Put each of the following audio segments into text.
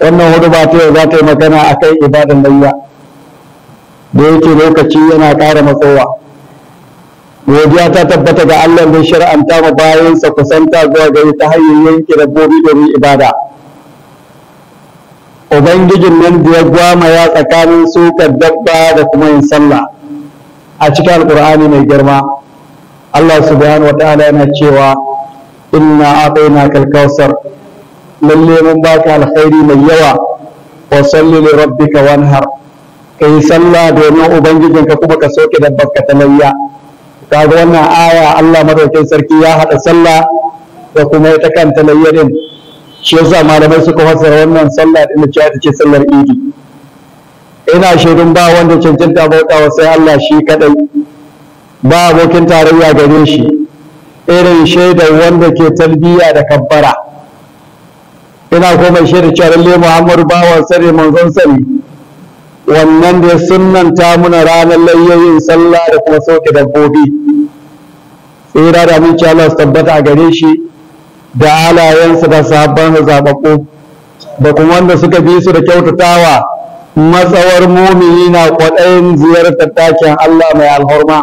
wannan hudu ba ta yau za ta yi magana a kan ibadan layya da yake lokaci yana ƙara matsowa godiya ta tabbata ga Allah da shar'anta ma bayansa kusanta zuwa gari ta hanyar yanke dabbobi domin ibada ubangijin nan da ya ya tsakanin sukar dabba da kuma yin sallah a cikin alkur'ani mai girma Allah subhanahu wa ta'ala yana cewa inna a'tainaka na kalkausar lalle mun baka alkhairi mai yawa wa salli li rabbika wanhar kai sallah domin ka kuma ka soke dabbar ka talayya kaga wannan aya Allah madaukakin sarki ya hada sallah da kuma ita kanta layya din shi yasa malamai suka fassara wannan sallah din cewa ita sallar idi ina shirin ba wanda cancanta bautawa sai Allah shi kadai ba abokin tarayya gare shi irin shaidar wanda ke talbiya da kabbara ina komai shi da cewa lalle Muhammadu bawan sani manzon sani wannan da sunnanta muna ranar layoyin sallah da kuma sauke dabbobi tsira da aminci Allah su tabbata a gare shi da alayensa da sabon zababbu da kuma wanda suka bi su da kyautatawa matsawar mumini na kwaɗayin ziyartar ɗakin Allah mai alhorma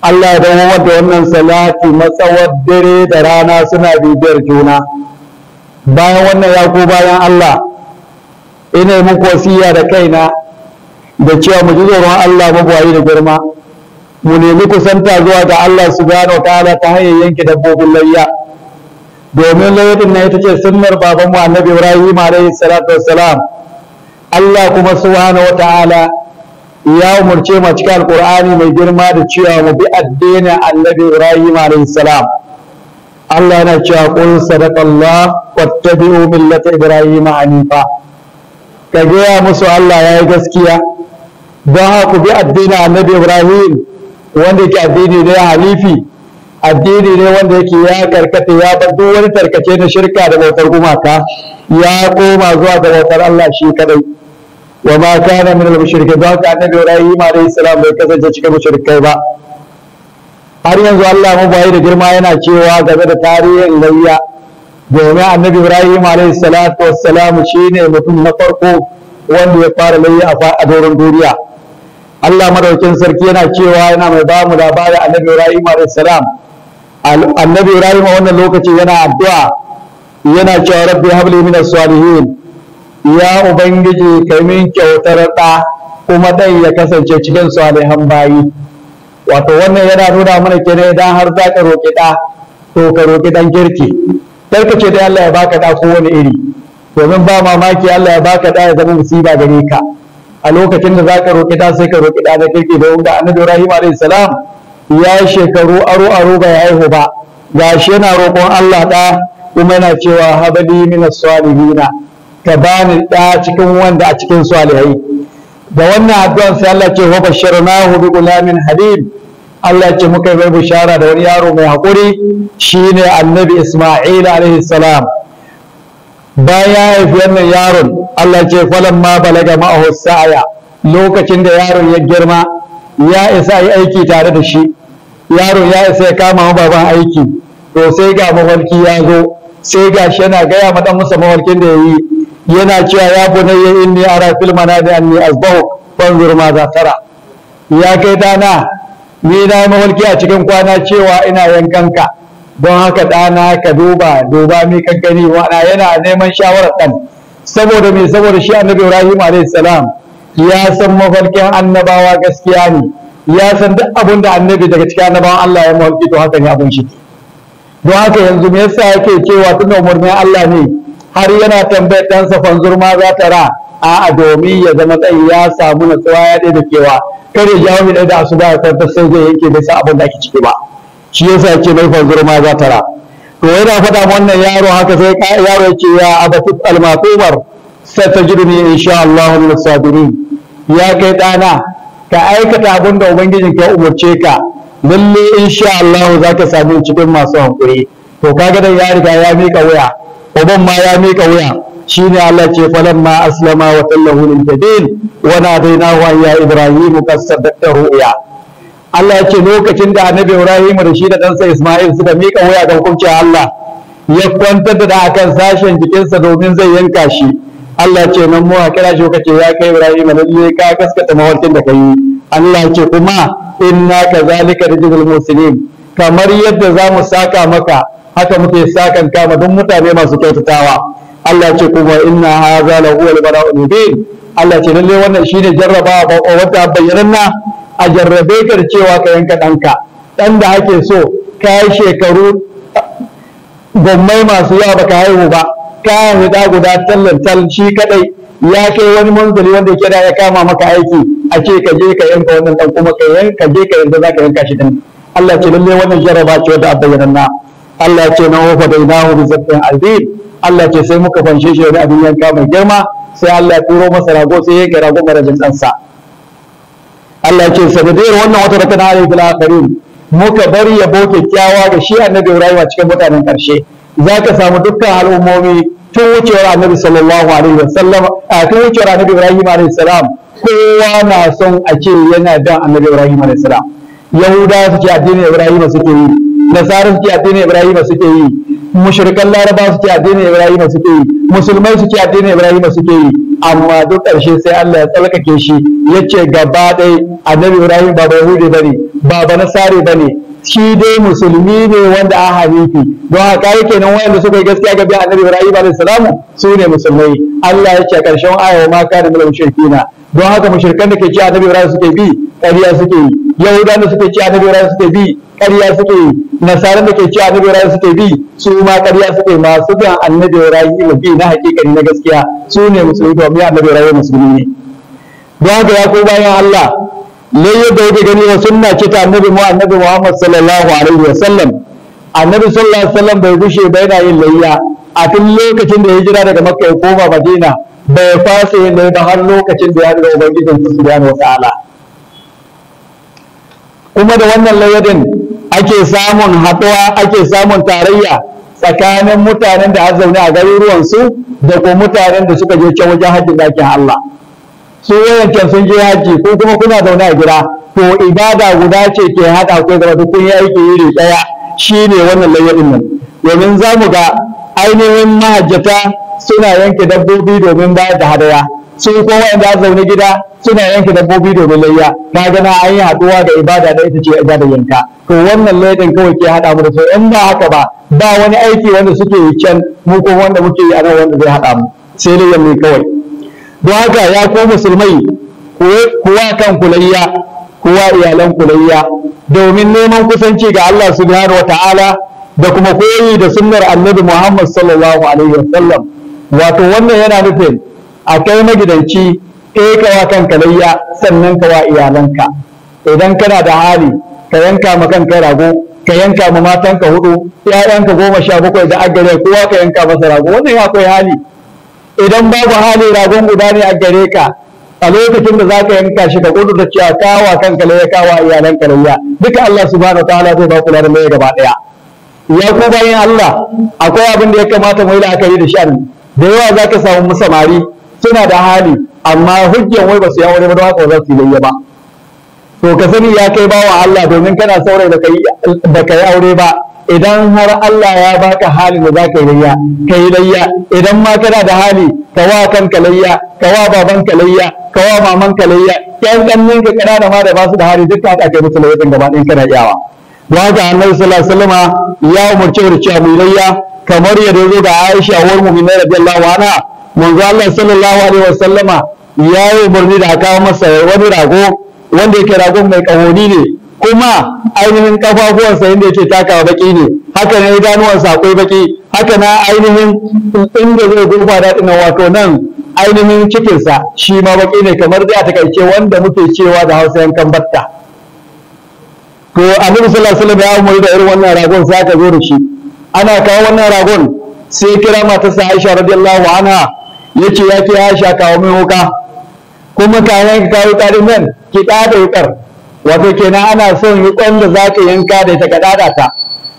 Allah ya dawo da wannan salati matsawar dare da rana suna bibiyar juna bayan wannan ya ko bayan Allah ina muku wasiya da kaina da cewa mu ji tsoron Allah mabuwayi da girma mu nemi kusanta zuwa ga Allah subhanahu wa ta'ala ta hanyar yanke dabbobin layya domin layyadin na ita ce sunnar babanmu annabi Ibrahim alaihi salatu wassalam Allah kuma subhanahu wa ta'ala ya umurce mu cikin alqur'ani mai girma da cewa mu bi addinin annabi Ibrahim alaihi salam Allah yana cewa qul sadaqallah wattabi'u millata ibrahima hanifa ka gaya musu Allah yayi gaskiya don haka bi addinin annabi ibrahim wanda yake addini ne halifi addini ne wanda yake ya karkata ya bar duk wani tarkace na shirka da bautar gumaka ya koma zuwa ga bautar Allah shi kadai wa ma kana min al-mushrikin don haka annabi ibrahim alayhi salam bai kasance cikin mushrikai ba har yanzu Allah mabayi da girma yana cewa game da tarihin layya domin annabi Ibrahim alayhi salatu wassalam shine mutum na farko wanda ya fara layya a doron duniya Allah madaukin sarki yana cewa yana mai ba mu labari annabi Ibrahim alayhi salam annabi Ibrahim a wannan lokaci yana addu'a yana cewa rabbi habli min salihin ya ubangiji kai min kyautar da kuma dan ya kasance cikin salihan bayi wato wannan yana nuna mana kenan idan har za ka roƙi ɗa to ka roƙi ɗan kirki kar ka ce dai Allah ya baka ɗa ko wani iri domin ba mamaki Allah ya baka ɗa ya zama musiba gare ka a lokacin da za ka roƙi ɗa sai ka roƙi ɗa na kirki domin wanda annabi Ibrahim alayhi salam ya yi shekaru aro aro bai haihu ba gashi yana roƙon Allah ɗa kuma yana cewa habali min salihina ka bani ɗa cikin wanda a cikin salihai da wannan addu'an sai Allah ce wa basharnahu bi gulamin halim Allah ce muka yi bishara da wani yaro mai haƙuri shine annabi Isma'il alaihi salam bayan ya haifi wannan yaron Allah ce falan ma balaga ma'ahu sa'aya lokacin da yaron ya girma ya isa yi aiki tare da shi yaron ya isa ya kama baban aiki to sai ga mawalki ya zo sai ga shi yana gaya ma dan masa mawalkin da yayi yana cewa ya bunayya inni ara fil manami anni azbahu banzur ma za tara ya kai dana ni na mawalki a cikin kwana cewa ina yankan ka don haka ɗana ka duba duba mai kankani wana yana neman shawarar ɗan saboda me saboda shi annabi ibrahim alayhi salam ya san mafarkin annabawa gaskiya ne ya san duk abin da annabi daga cikin annabawan Allah ya mawalki to haka ne abin shi don haka yanzu me yasa yake cewa tun umarnin Allah ne har yana tambayar ɗansa fanzurma za ta ra a'a domin ya zama tsayi ya samu natsuwa ya ɗaya da kewa kar ya jawo mi ɗaya da asuba ya kwanta, sai zai yanke bai sa abin da ake ciki ba shi yasa yake mai fanzurma za ta ra to yana faɗa wannan yaro haka sai yaro ya ce ya abatu almatumar satajiduni insha Allah min sabirin ya kai ɗana ka aikata abin da ubangijin ka umarce ka lalle insha Allah za ka samu cikin masu hankuri to kaga dai ya riga ya mika waya. uban ma ya miƙa wuya shine Allah ce ma aslama wa tallahu lil jabin wa nadainahu ya ibrahim qad saddaqta ru'ya Allah ya ce lokacin da annabi Ibrahim da shi da ɗansa Ismail suka miƙa wuya ga hukuncin Allah ya kwantar da akan sashen jikinsa domin zai yanka shi Allah ce nan mu kira shi kace ya kai Ibrahim lalle ka kaskata mawarkin da kai Allah ce kuma inna kazalika rijul muslimin kamar yadda zamu saka maka haka muke sakan kama duk mutane masu kyautatawa Allah ce kuma inna hadha la huwa al-bala'ul mubin Allah ce lalle wannan shine jarraba ba wata bayyananna a jarrabe ka cewa ka yanka ɗanka Dan da ake so ka yi shekaru gwammai masu yawa baka haihu ba ka haihu guda tal shi kadai ya kai wani manzali wanda yake da ya kama maka aiki a ce ka je ka yanka wannan dan kuma ka je ka yanka zaka yanka shi ɗin Allah ce lalle wannan jarraba ce wata bayyananna Allah ce na wafa da ina hu zabbin azim Allah ce sai muka fanshe shi da abin yanka mai girma sai Allah ya turo masa rago sai ya gara goma marajin ɗansa Allah ce sanadiyar wannan wata rakana alai bil akhirin muka bari boke kyakkyawa ga shi annabi Ibrahim a cikin mutanen karshe zaka samu dukkan al'ummomi tun wucewar annabi sallallahu alaihi wasallam a tun wucewar annabi Ibrahim alaihi salam kowa na son a ce yana da annabi Ibrahim alaihi salam yahudawa su ce addinin Ibrahim suke yi nasara suke addinin ibrahima suke yi mushrikan laraba suke addinin ibrahima suke yi musulmai suke addinin ibrahima suke yi amma duk ƙarshe sai Allah ya tsarkake shi ya ce gaba ɗaya annabi ibrahim ba yahudi ba ne ba ba ba ne shi dai musulmi ne wanda a hanifi don haka kenan wayanda suka yi gaskiya ga bi annabi ibrahim alaihi salamu su ne musulmai Allah ya ce karshen aya wa ma kana minal na don haka mushrikan da ke ci annabi Ibrahim suke bi ƙarya suke yi yahudan da suke ci annabi Ibrahim suke bi ƙarya suke yi nasaran da ke ci annabi Ibrahim suke bi su ma ƙarya suke masu bin annabi Ibrahim bi na hakikani na gaskiya su ne musulmi to mai annabi Ibrahim musulmi ne don haka ya ko bayan Allah ne yadda yake gani wa sunna ce ta annabi mu annabi Muhammad sallallahu alaihi wa sallam annabi sallallahu alaihi wa sallam bai gushe ba yana yin layya a tun lokacin da ya jira daga makka ya koma madina bai fasa yin da ba har lokacin da ya ga ubangijin su gano kuma da wannan layadin ake samun haɗuwa ake samun tarayya tsakanin mutanen da zaune a garuruwan su da ko mutanen da suka je can wajen hajji dakin Allah su wayancan sun je hajji ko kuma kuna zaune a gida to ibada guda ce ke haɗa ku da kun yi aiki iri ɗaya shine wannan layadin nan domin za mu ga ainihin mahajjata suna yanke dabbobi domin ba da hadaya su ko wanda zaune gida suna yanke dabbobi domin layya ka gana an yi haɗuwa da ibada da ita ce ibada yanka to wannan laifin kawai ke haɗa mu da su in ba haka ba ba wani aiki wanda suke yi can mu ko wanda muke yi a nan wanda zai haɗa mu sai laifin yamma kawai don haka ya ko musulmai kuwa kan kulayya kuwa iyalan kulayya domin neman kusanci ga Allah subhanahu wa ta'ala da kuma koyi da sunnar annabi Muhammad sallallahu alaihi wasallam wato wannan yana nufin a kai magidanci eh, ka wa kanka layya sannan kawa iyalanka idan kana da hali ka yanka ma kanka rago ka yanka ma matanka hudu ƴaƴanka goma sha bakwai da agare kowa ka yanka masa rago wannan ya akwai hali idan babu hali ragon guda ne a gare ka a lokacin da za ka yanka shi ka gudu da cewa kawa kanka layya kawa iyalanka layya duka Allah subhanahu wa ta'ala zai ba kula da mai gaba daya ya ku bayan Allah akwai abin da ya kamata mu yi la'akari da shi da yawa za ka samu musamari suna da hali amma hujjan wai ba su yawo ba don haka za su yi ba to ka sani ya kai bawa Allah domin kana saurayi da ka yi aure ba idan har Allah ya baka hali da ka yi layya ka yi layya idan ma kana da hali ka wa kanka layya ka wa baban ka layya ka wa maman ka layya ƴan ɗan ka kana da ma da ba su da hali duk ka musu layya gaba ɗin kana iyawa da annabi sallallahu ya umarci da cewa mulayya kamar yadda zo ga Aisha uwar mu'minin radiyallahu anha manzo Allah sallallahu alaihi wasallama ya yi umarni da aka masa wani rago wanda yake ragon mai kahoni ne kuma ainihin kafafuwan sa inda yake takawa baki ne haka ne sa akwai baki haka na ainihin inda zai gurfa daɗin wato nan ainihin cikin sa shi ma baki ne kamar dai a takaice wanda muke cewa da hausa yankan batta to annabi sallallahu alaihi wasallam ya umar da irin wannan ragon sai aka zo da shi ana kawo wannan ragon sai kira matarsa Aisha radiyallahu anha yace ya ke Aisha kawo mai wuka kuma kayan ka kawo tarin nan ki da wukar wato kenan ana son yi wukan da ka yanka da ta kadada ta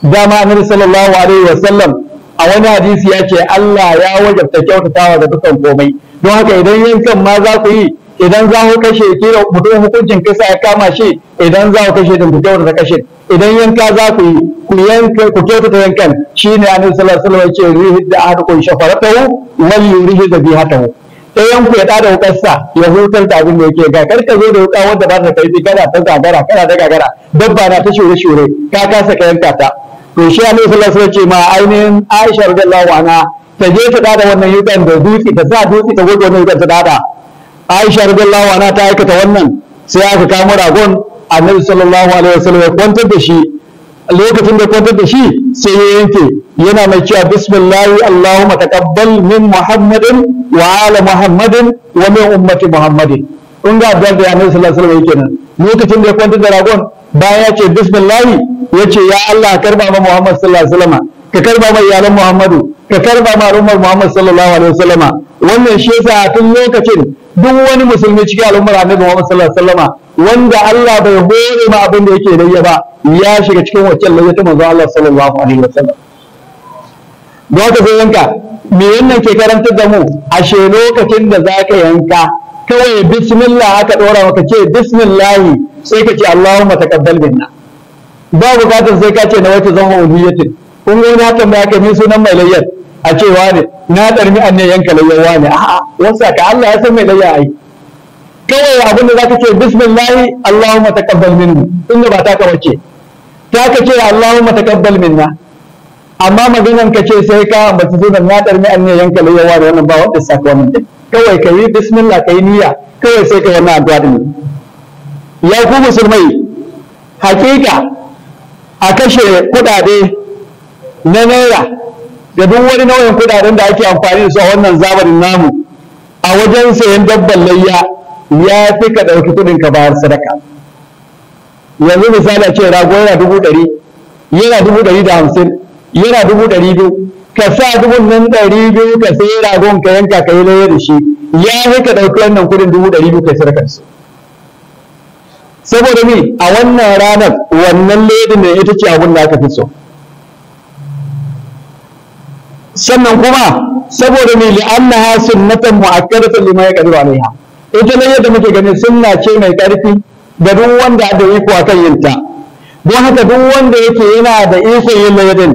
dama annabi sallallahu alaihi wasallam a wani hadisi ya ce Allah ya wajabta kyautatawa ga dukkan komai don haka idan yankan ma za ku yi idan za ku kashe da mutum hukuncin kisa ya kama shi idan za ku kashe din ku ta kashe idan yanka za ku yi ku yanka ku kyautata yankan shine annabi sallallahu alaihi wasallam ya ce rihi da ahadu kun hu wal yurihi da hu ta yanku ya tada wukarsa ya hutar da abin da yake ga kar ka zo da wuka wanda ba ta kaifi kana ta gagara kana ta gagara dabba na ta shure shure ka kasa ka yanka ta to shi annabi sallallahu alaihi wasallam ce ma ainihin Aisha radiyallahu anha ta je ta tada wannan yukan da dutse ta sa dutse ta gogo wannan yukan ta tada aisha radiyallahu anha ta aikata wannan sai aka kama ragon annabi sallallahu alaihi wasallam ya kwantar da shi lokacin da kwantar da shi sai ya yanke yana mai cewa bismillahi allahumma taqabbal min muhammadin wa ala muhammadin wa min ummati muhammadin kun ga addu'ar da annabi sallallahu alaihi wasallam nan. lokacin da ya kwantar da ragon bayan ya ce bismillahi ya ce ya allah karba ma muhammad sallallahu alaihi wasallam ka karba ma iyalan muhammadu ka karba ma al'ummar muhammad sallallahu alaihi wasallam wannan shi yasa tun lokacin duk wani musulmi cikin al'ummar annabi Muhammad sallallahu alaihi wasallam wanda Allah bai hore ma abin da yake layya ba ya shiga cikin wacin layya ta manzo Allah sallallahu alaihi wasallam da ka san yanka me wannan ke karantar da mu ashe lokacin da zaka yanka kawai bismillah aka dora maka ce bismillah sai ka ce Allahumma taqabbal minna ba bukatar sai ka ce na wata zama ubiyatin kun ga na tambaya ka ni sunan mai layyar a cewa ne na tsarmi an ne yanka layyawa ne a'a wasa ka Allah ya san mai layya ai kawai abin da zaka ce bismillah Allahumma taqabbal minni inda ba ta kawai ce ta ka ce Allahumma taqabbal minna amma maganan ka ce sai ka ba ta zo da na tsarmi an ne yanka layyawa da wannan ba wanda saka wannan din kawai ka yi bismillah ka yi niyya kawai sai ka wannan addu'a din ya ku musulmai hakika a kashe kudade. na naira da duk wani nau'in kudaden da ake amfani da su a wannan zamanin namu a wajen sayan dabban layya ya fi ka ɗauki kuɗin ka bayar sadaka yanzu misali a ce rago yana dubu ɗari yana dubu ɗari da hamsin yana dubu ɗari biyu ka sa dubun nan ɗari biyu ka sayi ragon ka yanka ka yi layya da shi ya fi ka ɗauki wannan kuɗin dubu ɗari biyu ka sadaka su saboda ni, a wannan ranar wannan ledin ne ita ce abin da aka fi so sannan kuma saboda me li'annaha sunnatan mu'akkadatan a yaqdiru alaiha ita ne yadda muke ganin sunna ce mai karfi da duk wanda da iko akan yinta don haka duk wanda yake yana da iko yin laifin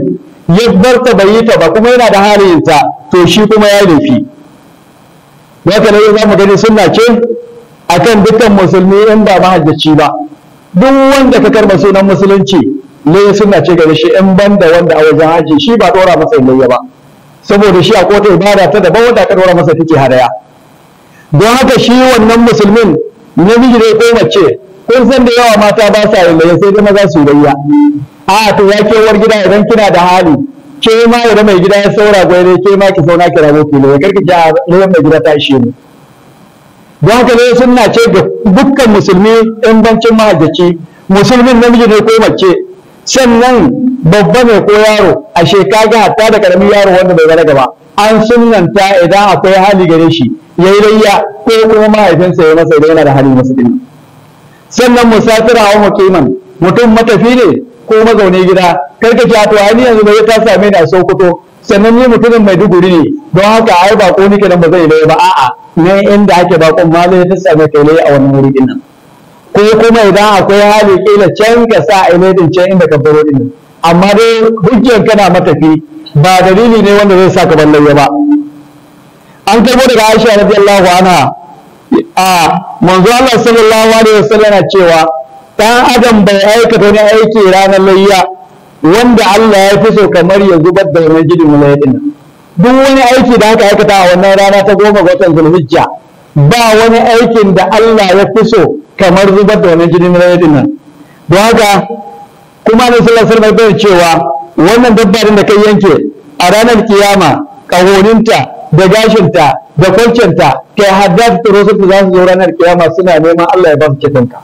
ya bar ta bai ta ba kuma yana da halin ta to shi kuma ya laifi haka ne za mu gani sunna ce akan dukkan musulmi in ba mahajjaci ba duk wanda ka karba sunan musulunci ne sunna ce gare shi in banda wanda a wajen haji shi ba dora masa ilayya ba saboda shi a kota ibada ta daban wanda aka dora masa take hadaya don haka shi wannan musulmin namiji ne ko mace kun san da yawa mata ba sa yin sai dai maza su gayya a to ya war gida idan kina da hali ke ma idan mai gida ya saura gwai ne, ke ma ki sauna ki rabo ki ne karki ja ruwan mai gida ta ishe ni don haka ne sunna ce ga dukkan musulmi in bancin mahajjaci musulmin namiji ne ko mace sannan babba ne ko yaro a shekaga hatta da karamin yaro wanda bai balaga gaba. an sunanta idan akwai hali gare shi ya yi layya ko kuma mahaifinsa ya masa idan yana da hali masu ɗin sannan musafira wa mukiman mutum matafi ne ko mazaune gida kai ka ce to hali yanzu bai ta same ni a sokoto sannan ni mutumin mai maiduguri ne don haka ai ba ko ni nan ba zai layya ba a'a ne inda ake bakon ma zai ta same kai a wani wuri din nan ko kuma idan akwai hali kila can ka sa a can inda ka baro din amma dai hujjar kana matafi ba dalili ne wanda zai saka ballayya ba an karbo daga Aisha radiyallahu anha a manzo Allah sallallahu alaihi wasallam cewa dan adam bai aikata wani aiki ranar layya wanda Allah ya fi so kamar ya zubar da wani gidin laifin duk wani aiki da aka aikata a wannan rana ta goma ga watan zulhijja ba wani aikin da Allah ya fi so kamar zubar da wani gidin laifin nan don haka kuma ne sai alaihi wasallam cewa wannan dabba da kai yanke a ranar kiyama ƙahoninta da gashinta da kwancinta kai haddasa ta rosu za su zo ranar kiyama suna neman Allah ya ba su cikinka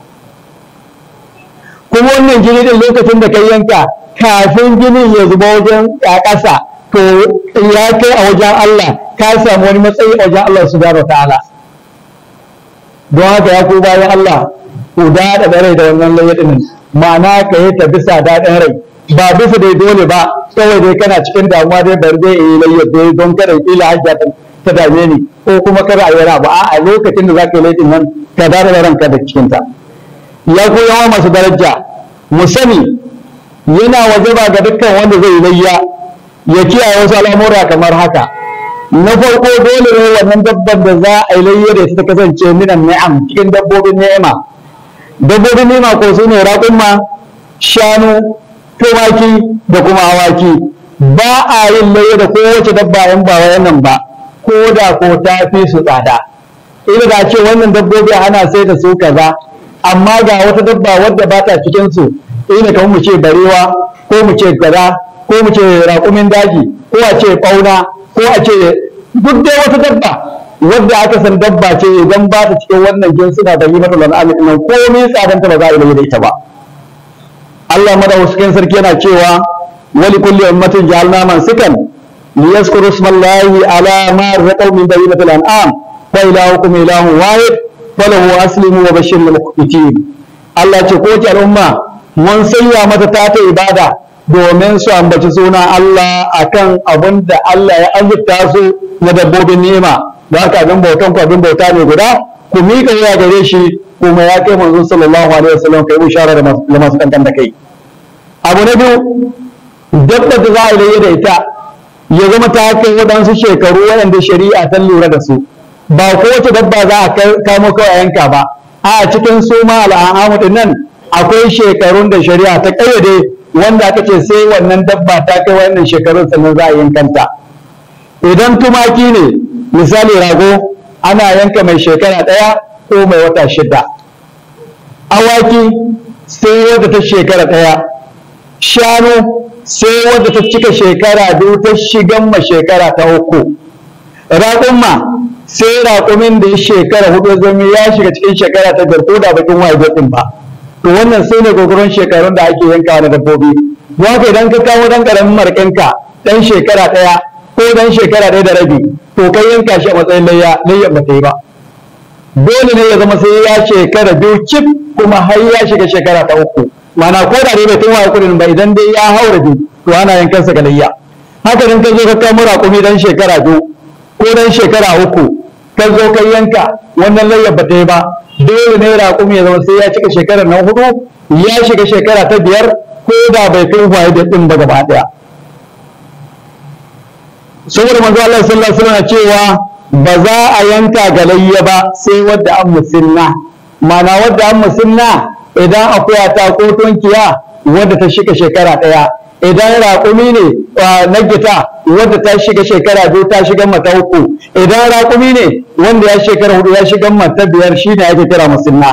kuma wannan jini din lokacin da kai yanka kafin gini ya zuba wajen a ƙasa to ya kai a wajen Allah ka samu wani matsayi a wajen Allah subhanahu ta'ala don haka ya ku bayan Allah ku da da da wannan layyadin ma'ana ka yi ta bisa daɗin rai ba bisa dai dole ba kawai dai kana cikin damuwa dai bari dai yi layyar dai don kada hajja ta dame ni ko kuma kada a yi ba a lokacin da za ka yi laifin nan ka da ranka da cikinta ya ku yawa masu daraja mu sani yana ba ga dukkan wanda zai layya ya kiyaye wasu al'amura kamar haka na farko dole ne wannan dabban da za a yi layyar da ta kasance minan ni'am cikin dabbobin ni'ima dabbobin nema ko su ne raƙumma shanu tumaki da kuma awaki ba a yin laye da kowace dabba yan ba wannan ba ko da ko ta fi su tsada ina da ce wannan dabbobi ana sai da su kaza amma ga wata dabba wadda ba ta cikin su ina kan mu ce barewa ko mu ce kaza ko mu ce raƙumin daji ko a ce ƙauna ko a ce duk dai wata dabba wadda aka san dabba ce idan ba ta cikin wannan jinsuna da yi mata lan'ami nan komai tsadanta ba za a yi da ita ba Allah madawuskin sarki yana cewa wali kulli ummatin ja'alna man sikan liyaskuru smallahi ala ma raqaw min bayyinatil an'am fa ilahukum ilahu wahid falahu aslimu wa bashiril muqtitin Allah ce ko ki al'umma mun sanya mata ta ta ibada domin su ambaci suna Allah akan abin da Allah ya azurta su na dabbobin nema. da haka abin bautan ku abin bauta ne guda ku miƙa wuya gare shi kuma ya kai manzon sallallahu alaihi wasallam kai da masu kanta da kai abu na biyu dabbar da za a yi da ita ya zama ta kai waɗansu shekaru waɗanda shari'a ta lura da su ba kowace dabba za a kamo kawai yanka ba a cikin su ma al'amu nan akwai shekarun da shari'a ta ƙayyade wanda aka ce sai wannan dabba ta kai wannan shekarun sannan za a yankanta idan tumaki ne misali rago ana yanka mai shekara ɗaya ko mai wata shida awaki sai wadda ta shekara ɗaya shanu sai wadda ta cika shekara biyu ta shigan ma shekara ta uku raƙumma sai raƙumin da ya shekara hudu zama ya shiga cikin shekara ta biyar da bakin waye ɗin ba to wannan sai ne gogoron shekarun da ake yanka na dabbobi don haka idan ka kawo dan karamin marƙinka ɗan shekara ɗaya ko dan shekara ɗaya da rabi to kai yanka shi a matsayin layya layyar ba ta yi ba dole ne ya zama sai ya shekara biyu cif kuma har ya shiga shekara ta uku mana ko da dai bai kai wa kudin ba idan dai ya haura biyu to ana sa ga layya haka nan ka zo ka kai mura kuma dan shekara biyu ko dan shekara uku ka zo kai yanka wannan layya ba ta yi ba dole ne raƙumi ya zama sai ya cika shekarar nan hudu ya shiga shekara ta biyar ko da bai kai waye da din ba gaba ɗaya saboda manzo Allah sallallahu alaihi wasallam cewa ba za a yanka galayya ba sai wadda an musulma mana wadda an musulma idan akwai ta ko tonkiya wadda ta shiga shekara daya idan raƙumi ne na gita wadda ta shiga shekara biyu ta shiga mata uku idan raƙumi ne wanda ya shekara hudu ya shiga mata biyar shi ne ake kira musulma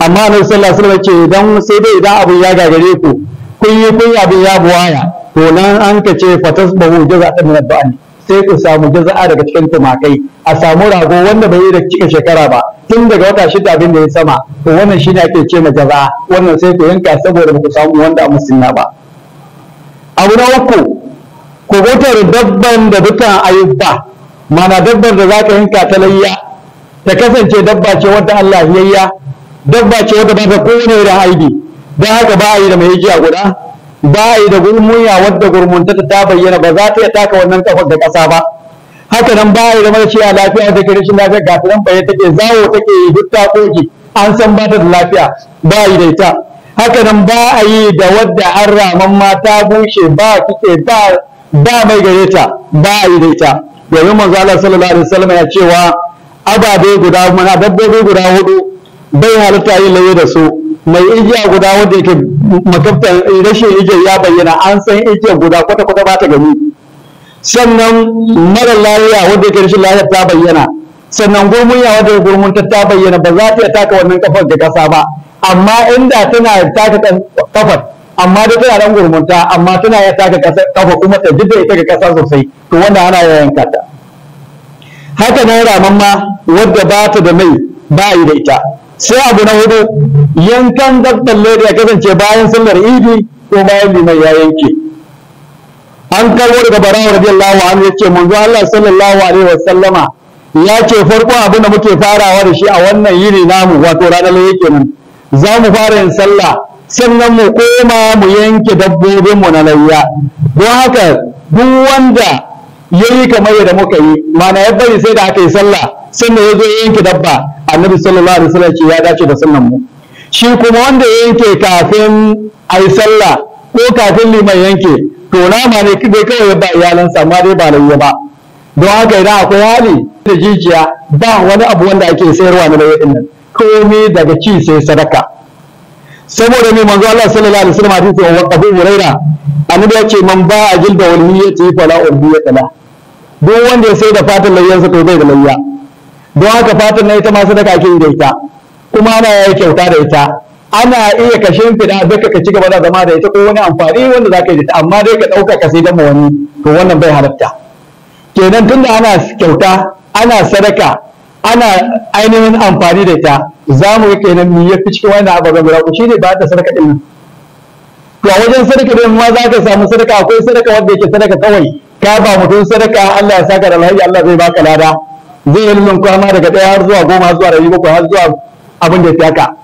amma na sallallahu alaihi wasallam ce idan sai dai idan abu ya gagare ku kun yi kun abin ya buwaya to nan an kace fatasbahu jaza ta min ba'ani sai ku samu jaza'a daga cikin tumakai a samu rago wanda bai yi da cika shekara ba tun daga wata shida abin da ya sama to wannan shi ne ake ce ma jaza'a wannan sai ku yanka saboda ku samu wanda a musulma ba abu na uku ku gotar dabban da dukan ayyuka mana dabban da za ka yanka ta layya ta kasance dabba ce wadda Allah ya yayya dabba ce wadda ba ta kowane da haidi don haka ba a yi da mai hijiya guda ba yi da gurmunya wadda gurmunta ta bayyana ba za ta iya taka wannan kafar da ƙasa ba haka nan ba yi da a lafiya da ke rashin lafiya ga nan bayyana take zawo take yi duk ta koki an san ba ta da lafiya ba yi da ita haka nan ba a yi da wadda an raman mata ta bushe ba kike ba ba mai gare ta ba yi da ita domin manzo Allah sallallahu alaihi wasallam ya cewa ababe guda mana dabbobi guda hudu bai halitta yin laye da su mai igiya guda wanda yake makaftan rashin igiyar ya bayyana an san igiyar guda kwata-kwata ba ta gani sannan mara lariya wanda yake rashin lariya ta bayyana sannan gurmunya wanda yake gurmun ta bayyana ba za ta iya taka wannan kafar da kasa ba amma inda tana taka kafar amma da tana dan gurmunta amma tana iya taka kafa kuma ta jibe ita ga kasa sosai to wanda ana yanka ta haka nan ramamma ma wadda ba ta da mai ba yi da ita sai abu na hudu yankan dabban leda ya kasance bayan sallar idi ko bayan liman ya yanke an kawo daga barawa lawa an yace manzo Allah sallallahu alaihi sallama ya ce farko abin da muke farawa da shi a wannan yini namu wato ranar yake nan, za mu fara yin sallah sannan mu koma mu yanke dabbobin mu na layya don haka duk wanda yayi kamar yadda muka yi mana ya bari sai da aka yi sallah sannan ya zo ya yanke dabba annabi sallallahu alaihi wasallam ce ya dace da sunnan mu shi kuma wanda ya yanke kafin a yi sallah ko kafin liman yanke to nama ne dai kawai ya ba iyalansa amma dai ba lauya ba don haka idan akwai hali da jijiya ba wani abu wanda ake sayarwa na lauya din nan komai daga ci sai sadaka saboda ne manzo Allah sallallahu alaihi wasallam hadisi wa Abu Huraira annabi ya ce man ba a jilba wal fala ubiyata kala duk wanda ya sai da fatan lauyansa to bai da lauya don haka fatan na ita ma sadaka ake yi da ita kuma ana yi kyauta da ita ana iya ka shimfiɗa duka ka ci gaba da zama da ita ko wani amfani wanda za ka yi da ita amma dai ka ɗauka ka sai ma wani to wannan bai halatta kenan tunda ana kyauta ana sadaka ana ainihin amfani da ita za mu yi kenan mu ya fi cikin wannan abu guda ku ne ba ta sadaka ɗin. to a wajen sadaka ɗin ma za ka samu sadaka akwai sadaka wanda yake sadaka kawai ka ba mutum sadaka Allah ya saka da alhaji Allah zai baka lada zai yi nan kwama daga ɗaya har zuwa goma zuwa ɗari bakwai har zuwa abin da ya haka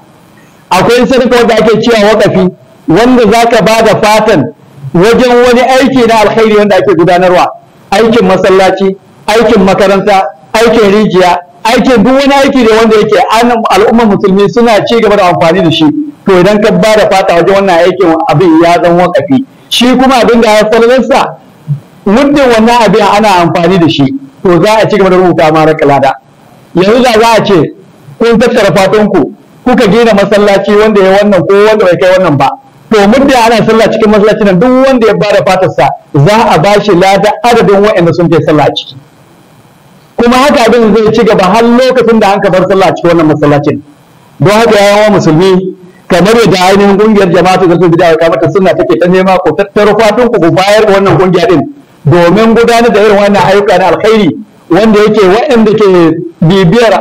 akwai sadaka wanda ake cewa wakafi wanda zaka ba da fatan wajen wani aiki na alkhairi wanda ake gudanarwa aikin masallaci aikin makaranta aikin rijiya aikin duk wani aiki da wanda yake an al'ummar musulmi suna ci gaba da amfani da shi to idan ka ba da fata wajen wannan aikin abin ya zan wakafi shi kuma abin da ya muddin wannan abin ana amfani da shi to za a ci gaba da rubuta ma raka lada yanzu da za a ce kun tattara fatanku kuka gina masallaci wanda ya wannan ko wanda bai kai wannan ba to muddin ana sallah cikin masallaci nan duk wanda ya bada fatarsa za a ba shi lada adadin waɗanda sun kai sallah ciki kuma haka abin zai ci gaba har lokacin da an bar sallah cikin wannan masallacin don haka ya yawa musulmi kamar yadda ainihin kungiyar jama'a ta gida bid'a kamata suna take ta nema ko tattaro fatonku ku bayar da wannan kungiya din domin gudanar da irin wannan ayyuka na alkhairi wanda yake waɗanda ke bibiyar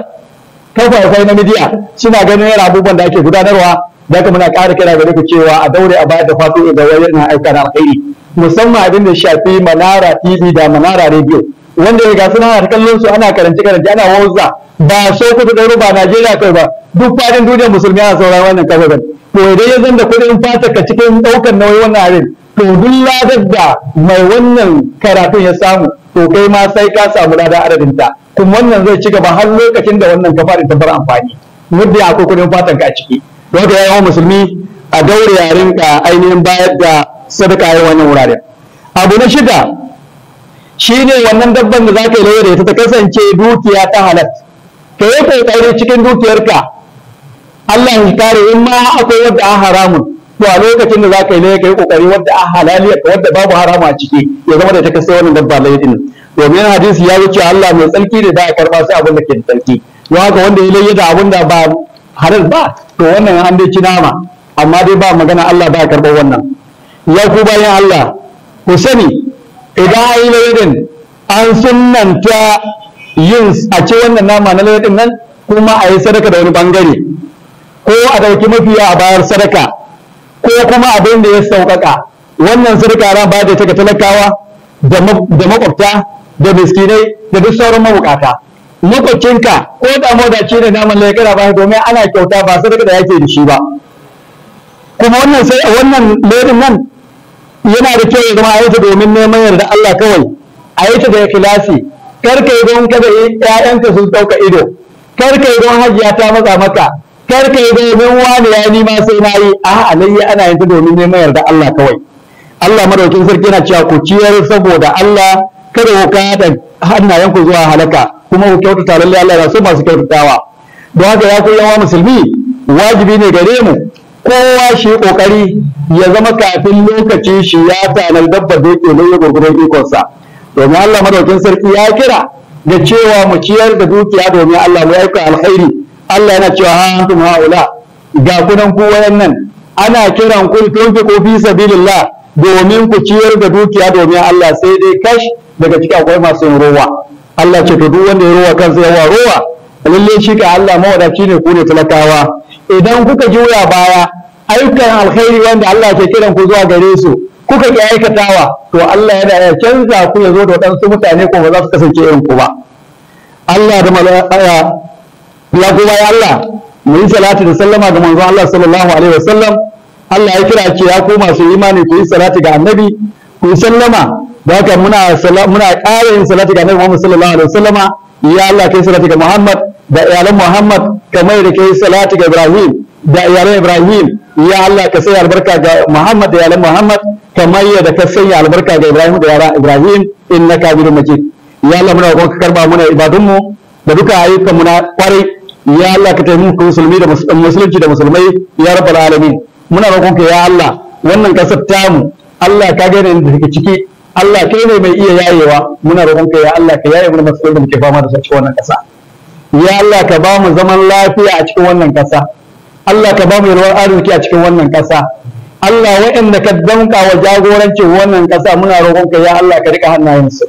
kafafai na midiya suna ganin yana abubuwan da ake gudanarwa da kuma muna ƙara kira gare ku cewa a daure a bayar da fatu ga wayoyin ayyuka na alkhairi musamman abin da shafi manara tv da manara radio wanda ya ga suna ana kallon su ana karance karance ana wauza ba so ku da ba najeriya kai ba duk fadin duniya musulmi ana sauraron wannan kafafai to idan ya zanda da kuɗin fata ka cikin ɗaukar nauyi wannan abin to duk ladar da mai wannan karatun ya samu to kai ma sai ka samu lada adadin ta kuma wannan zai ci gaba har lokacin da wannan faɗi ta bar amfani muddin akwai kuɗin fatan ka a ciki don haka yayin musulmi a daure yaren ka ainihin bayar da sadaka ya wannan wuraren abu na shida shine wannan dabban da zaka yi da ita ta kasance dukiya ta halal ka yi kokari cikin dukiyarka Allah ya kare in ma akwai wanda a haramun to a lokacin da za ka yi ne ka yi kokari wadda a halali ka wadda babu harama a ciki ya zama da ta kasa wannan dabba laifin domin hadisi ya wuce Allah mai tsarki da za a karba sai abin da ke tsarki don haka wanda ya layyada da abin da ba halal ba to wannan an dai ci nama amma dai ba magana Allah ba karɓar wannan ya ku bayan Allah ku sani idan a yi laifin an sunanta yin a ce wannan nama na laifin nan kuma a yi sadaka da wani bangare ko a ɗauki mafiya a bayar sadaka ko kuma abin da ya sauƙaƙa wannan sirka ran ba da ta ga talakawa da makwabta da miskinai da duk sauran mabukata makwabcinka ko da modaci da naman laikara ba domin ana kyauta ba sadaka da yake da shi ba kuma wannan sai a wannan lerin nan yana da kyau ya zama a yi ta domin neman yarda Allah kawai a yi ta da ikhlasi kar ka yi don kada ƴaƴanka sun ɗauka ido kar ka yi don hajiya ta matsa maka kar ka yi dai wa da ya ni ma sai na yi a'a halayya ana yin ta domin neman yarda Allah kawai Allah madaukin sarki yana cewa ku ciyar saboda Allah kada ku kada hannayen ku zuwa halaka kuma ku kyautata lalle Allah rasu so masu kyautatawa don haka ya wa musulmi wajibi ne gare mu kowa shi kokari ya zama kafin lokaci shi ya tanar dabba da yake mai gurgurun ikonsa domin Allah madaukin sarki ya kira da cewa mu ciyar da dukiya domin Allah mu aika alkhairi Allah yana cewa ha antum haula ga kunan ku wayannan ana kiran ku ku fi sabilillah domin ku ciyar da dukiya domin Allah sai dai kash daga cikin akwai masu rowa Allah ce to duk wanda ya rowa kansa ya rowa lalle shi ka Allah mawadaci ne ku ne talakawa idan kuka juya baya aikan alkhairi wanda Allah ke kiran ku zuwa gare su kuka ki aikatawa to Allah yana ya canza ku yazo zo da waɗansu mutane ko ba za su kasance irin ku ba Allah da mala'aya ya kuma ya Allah mu yi salati da sallama ga manzon Allah sallallahu alaihi wa sallam Allah ya kira ce ya koma su imani ku yi salati ga annabi ku sallama da haka muna muna ƙara yin salati ga annabi Muhammad sallallahu alaihi wa sallama ya Allah kai salati ga Muhammad da iyalan Muhammad kamar da kai salati ga Ibrahim da iyalan Ibrahim ya Allah ka sai albarka ga Muhammad da iyalan Muhammad kamar yadda ka sanya albarka ga Ibrahim da yara Ibrahim innaka hamidum majid ya Allah muna roƙon ka karba muna ibadunmu da duka ayyukanmu na kwarai ya Allah ka taimaka musulmi da musulunci da musulmai ya rabu alamin muna ka ya Allah wannan kasar tamu Allah ka gani da take ciki Allah kai ne mai iya yayewa muna ka ya Allah ka yaye mana matsalolin da muke fama da su a cikin wannan ƙasa ya Allah ka ba mu zaman lafiya a cikin wannan ƙasa Allah ka ba mu yalwar arziki a cikin wannan ƙasa Allah waɗanda ka danka wa jagorancin wannan ƙasa muna ka ya Allah ka rika hannayensu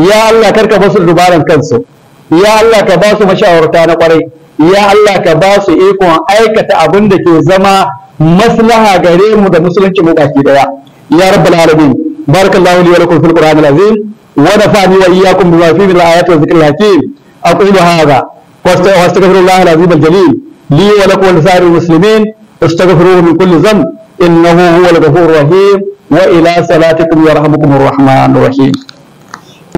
ya Allah karka basu dubaran kansu ya Allah ka ba su mashawarta na kwarai ya Allah ka ba su ikon aikata abin da ke zama maslaha gare mu da musulunci mu baki daya ya rabbal alamin barakallahu li wa lakum fil qur'anil azim wa nafa'ani wa iyyakum bima fihi min ayati wa dhikril hakim aqulu hadha wa astaghfirullah al-azim al-jalil li wa lakum wa lisa'ir muslimin استغفروه من كل ذنب انه هو الغفور الرحيم والى صلاتكم يرحمكم الرحمن الرحيم